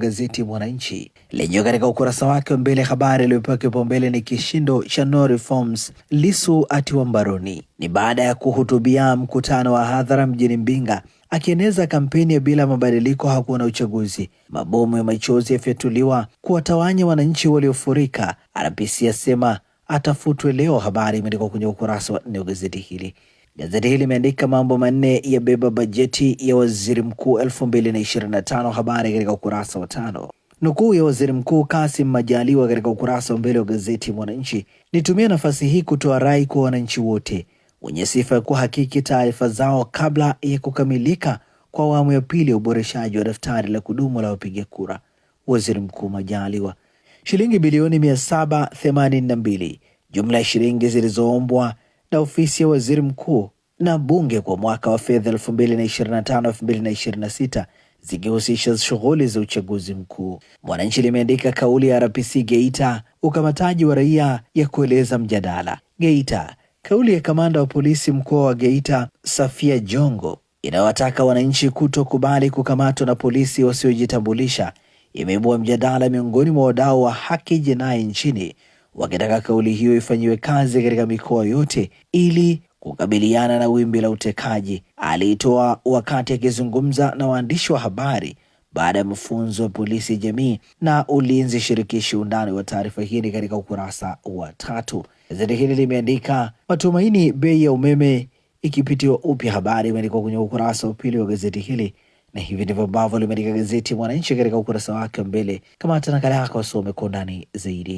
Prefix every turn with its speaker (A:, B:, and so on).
A: Gazeti Mwananchi lenyewe katika ukurasa wake wa mbele habari iliyopewa kipaumbele ni kishindo cha no reforms, Lissu atiwa mbaroni. Ni baada ya kuhutubia mkutano wa hadhara mjini Mbinga akieneza kampeni ya bila mabadiliko hakuna uchaguzi. Mabomu ya machozi yafyatuliwa kuwatawanya wananchi waliofurika. RPC asema atafutwe leo. Habari imeandikwa kwenye ukurasa wa nne wa gazeti hili. Gazeti hili limeandika mambo manne ya beba bajeti ya waziri mkuu 2025 habari katika ukurasa wa tano. Nukuu ya waziri mkuu Kasim Majaliwa katika ukurasa wa mbele wa gazeti Mwananchi. Nitumie nafasi hii kutoa rai kwa wananchi wote wenye sifa ya kuhakiki taarifa zao kabla ya kukamilika kwa awamu ya pili ya uboreshaji wa daftari la kudumu la wapiga kura. Waziri Mkuu Majaliwa. Shilingi bilioni 782 jumla ya shilingi zilizoombwa na ofisi ya waziri mkuu na bunge kwa mwaka wa fedha 2025-2026 zikihusisha shughuli za uchaguzi mkuu. Mwananchi limeandika kauli ya RPC Geita, ukamataji wa raia ya kueleza mjadala Geita. Kauli ya kamanda wa polisi mkoa wa Geita Safia Jongo inawataka wananchi kutokubali kukamatwa na polisi wasiojitambulisha imeibua mjadala miongoni mwa wadau wa haki jinai nchini wakitaka kauli hiyo ifanyiwe kazi katika mikoa yote ili kukabiliana na wimbi la utekaji. Aliitoa wakati akizungumza na waandishi wa habari baada ya mafunzo ya polisi jamii na ulinzi shirikishi. Undani wa taarifa hii katika ukurasa wa tatu. Gazeti hili limeandika matumaini bei ya umeme ikipitiwa upya. Habari imeandikwa kwenye ukurasa wa pili wa gazeti hili, na hivi ndivyo ambavyo limeandika gazeti Mwananchi katika ukurasa wake wa mbele. Kama hata nakala yako, wasome kwa undani zaidi.